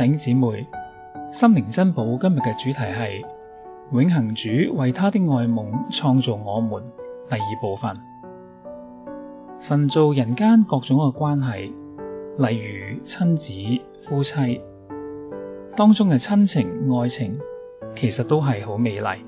弟兄姊妹，心靈珍寶今日嘅主題係永恒主為祂的愛夢創造我們第二部分。神造人間各種嘅關係，例如親子、夫妻，當中嘅親情、愛情，其實都係好美麗，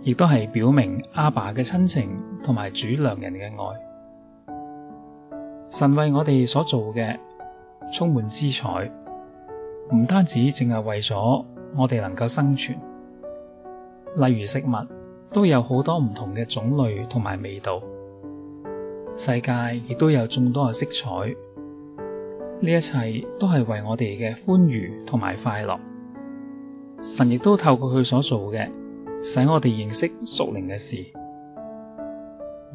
亦都係表明阿爸嘅親情同埋主良人嘅愛。神為我哋所做嘅充滿姿彩。唔單止淨係為咗我哋能夠生存，例如食物都有好多唔同嘅種類同埋味道，世界亦都有眾多嘅色彩，呢一切都係為我哋嘅歡愉同埋快樂。神亦都透過佢所做嘅，使我哋認識屬靈嘅事。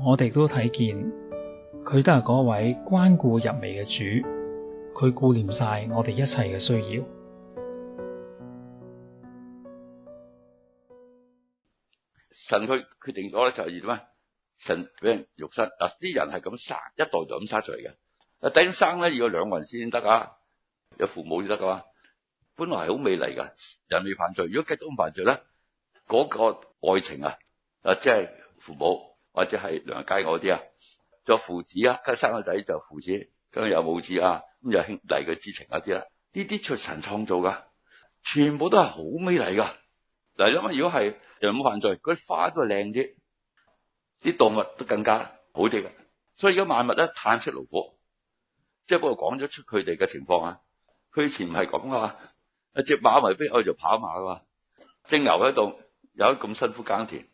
我哋都睇見佢都係嗰位關顧入微嘅主。佢顧念晒我哋一切嘅需要。神佢決定咗咧，就係要咩？神俾人肉身。嗱，啲人係咁生一代就咁生出嚟嘅。啊，點生咧要有兩個人先得啊，有父母先得噶。本來係好美麗㗎，人未犯罪。如果繼續咁犯罪咧，嗰、嗰個愛情啊，啊，即係父母或者係梁家嗰啲啊，做父子啊，生個仔就父子，咁住又母子啊。咁又兄弟知情一啲啦，呢啲出神創造噶，全部都係好美麗噶。嗱，因為如果係人冇犯罪，佢花都靚啲，啲動物都更加好啲㗎。所以而家萬物咧，嘆息勞苦，即係不過講咗出佢哋嘅情況啊。佢以前唔係咁噶嘛，一隻馬咪逼我做跑馬噶嘛，隻牛喺度有咁辛苦耕田，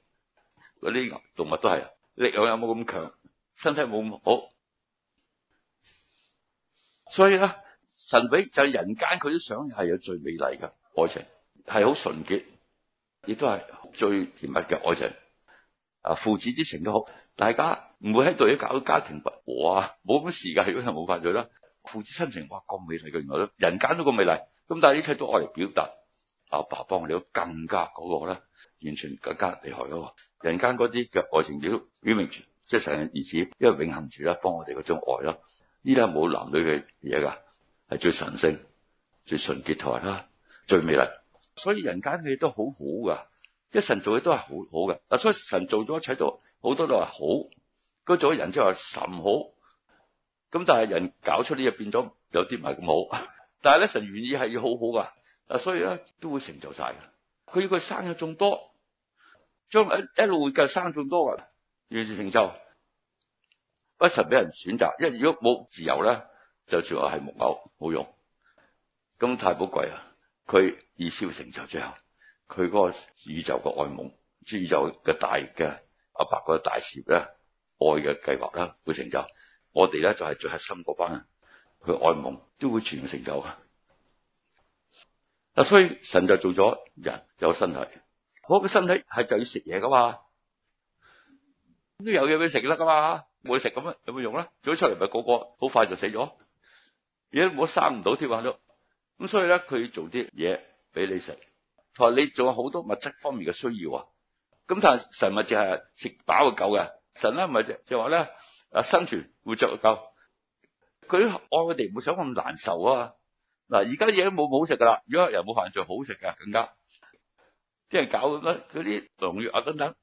嗰啲動物都係力量又冇咁強，身體冇咁好。所以咧，神俾就係人間佢啲想係有最美麗嘅愛情，係好純潔，亦都係最甜蜜嘅愛情。啊，父子之情都好，大家唔會喺度搞家庭不和啊，冇乜事噶，如果係冇犯罪啦。父子親情哇，咁美麗嘅，原來都人間都咁美麗。咁但係呢啲都愛嚟表達阿爸幫我哋，更加嗰個咧，完全更加厲害嗰個。人間嗰啲嘅愛情表表明住，即係神如此，因為永恆住啦，幫我哋嗰種愛啦。依家冇男女嘅嘢噶，係最神聖、最純潔台啦，最美麗。所以人間嘅嘢都好好噶，一神做嘢都係好好嘅。嗱，所以神做咗一切都好多都係好，佢做咗人之後就係甚好。咁但係人搞出呢，又變咗有啲唔係咁好。但係咧，神願意係要好好噶。嗱，所以咧都會成就晒。佢要佢生咗眾多，將一一路就生眾多啊，完全成就。不使俾人選擇，因為如果冇自由咧，就算我係木偶，冇用。咁太寶貴啊！佢以消成就最後，佢嗰個宇宙個愛夢，即宇宙嘅大嘅阿爸嘅大事業咧，愛嘅計劃啦，會成就。我哋咧就係最核心嗰班啊，佢愛夢都會全成就啊。嗱，所以，神就做咗人有身體，我嘅身體係就要食嘢噶嘛，都有嘢俾食得噶嘛。我哋食咁呀，有冇用啦？早出嚟咪個個好快就死咗，而家都冇生唔到添啊都。咁所以咧，佢做啲嘢俾你食。同埋你仲有好多物質方面嘅需要啊。咁但係神物就係食飽個夠嘅。神咧唔係就話咧，啊生存活着就夠。佢愛我哋唔會想咁難受啊嗱，而家嘢都冇好食噶啦。如果又冇飯最好食噶更加。啲人搞咁咩，啲農藥啊等等。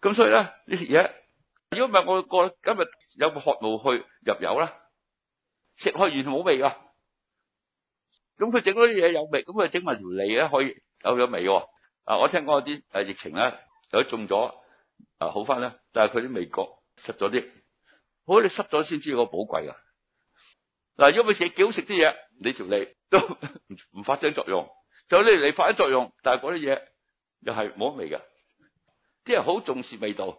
咁所以咧呢啲嘢。如果唔係我個今日有學路去入油啦，食開完全冇味噶。咁佢整嗰啲嘢有味，咁佢整埋條脷咧可以有咗味。啊，我聽講有啲誒疫情咧有中咗啊，好翻啦。但係佢啲味覺濕咗啲，好似濕咗先知個寶貴噶。嗱，如果唔食幾好食啲嘢，你條脷都唔唔發生作用。就你脷發咗作用，但係嗰啲嘢又係冇味噶。啲人好重視味道。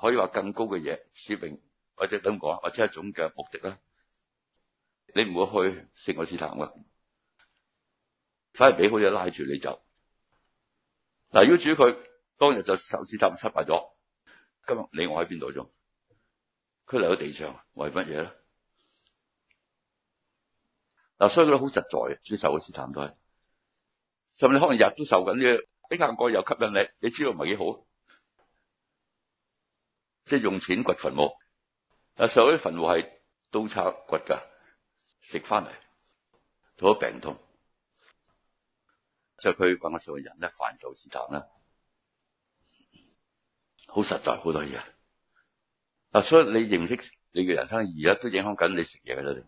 可以話更高嘅嘢，使命或者噉講，或者一種嘅目的啦，你唔會去受個試探嘅，反而俾好嘢拉住你走。嗱，如果主佢當日就受試探失敗咗，今日你我喺邊度咗？佢留喺地上為乜嘢咧？嗱，所以佢好實在嘅，接受試探都係，甚至可能日都受緊嘅，啲眼過又吸引力，你知道唔係幾好。即係用錢掘墳墓，啊！所有啲墳墓係刀叉掘噶，食翻嚟，做咗病痛，就佢講嘅所謂人咧犯錯是但啦，好實在好多嘢。啊！所以你認識你嘅人生而家都影響緊你食嘢嘅啦，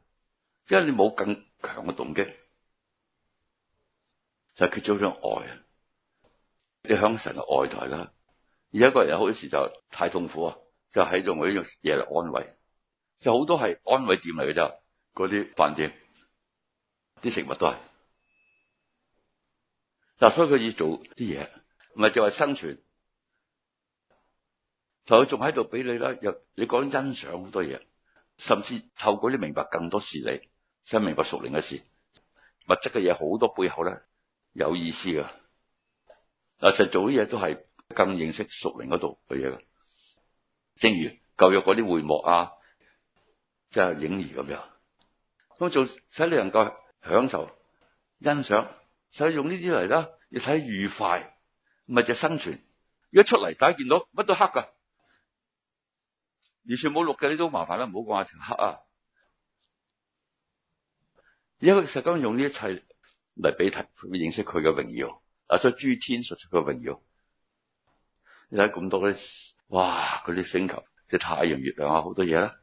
因為你冇咁強嘅動機，就缺少咗愛啊！你響神嘅愛台啦，而家一個人有好多時，就太痛苦啊！就喺度我呢種嘢嚟安慰，就好多係安慰店嚟嘅啫，嗰啲飯店啲食物都係嗱，所以佢要做啲嘢，唔係就係生存，就仲喺度俾你啦。又你講欣賞好多嘢，甚至透過啲明白更多事理，想明白屬靈嘅事，物質嘅嘢好多背後咧有意思噶，嗱，其實做啲嘢都係更認識屬靈嗰度嘅嘢正如舊約嗰啲會幕啊，即係影兒咁樣，咁做使你能夠享受、欣賞，使用呢啲嚟啦，要睇愉快，唔係就是生存。一出嚟大家見到乜都黑噶，完全冇錄嘅，你都麻煩啦，唔好講話黑啊。而家佢實根本用呢一切嚟俾睇，會認識佢嘅榮耀，啊，所以諸天述說佢嘅榮耀。你睇咁多咧。哇！嗰啲星球，即係太陽、月亮啊，好多嘢啦，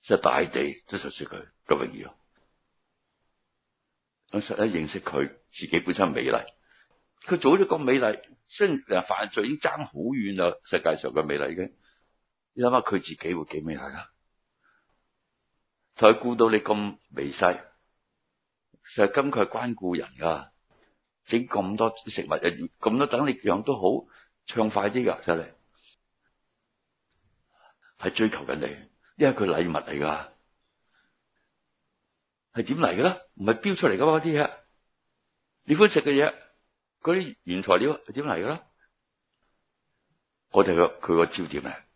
即係大地都述說佢嘅榮耀。咁實咧認識佢自己本身美麗，佢做咗咁美麗，雖然犯罪已經爭好遠啦，世界上嘅美麗已經，你諗下佢自己會幾美麗啊？佢估到你咁微細，成日佢係關顧人噶，整咁多食物，咁多等你養都好。暢快啲㗎，真係係追求緊你，因為佢禮物嚟㗎，係點嚟㗎咧？唔係標出嚟㗎嘛啲嘢，你喜歡食嘅嘢，嗰啲原材料係點嚟㗎咧？我哋個佢個焦點係。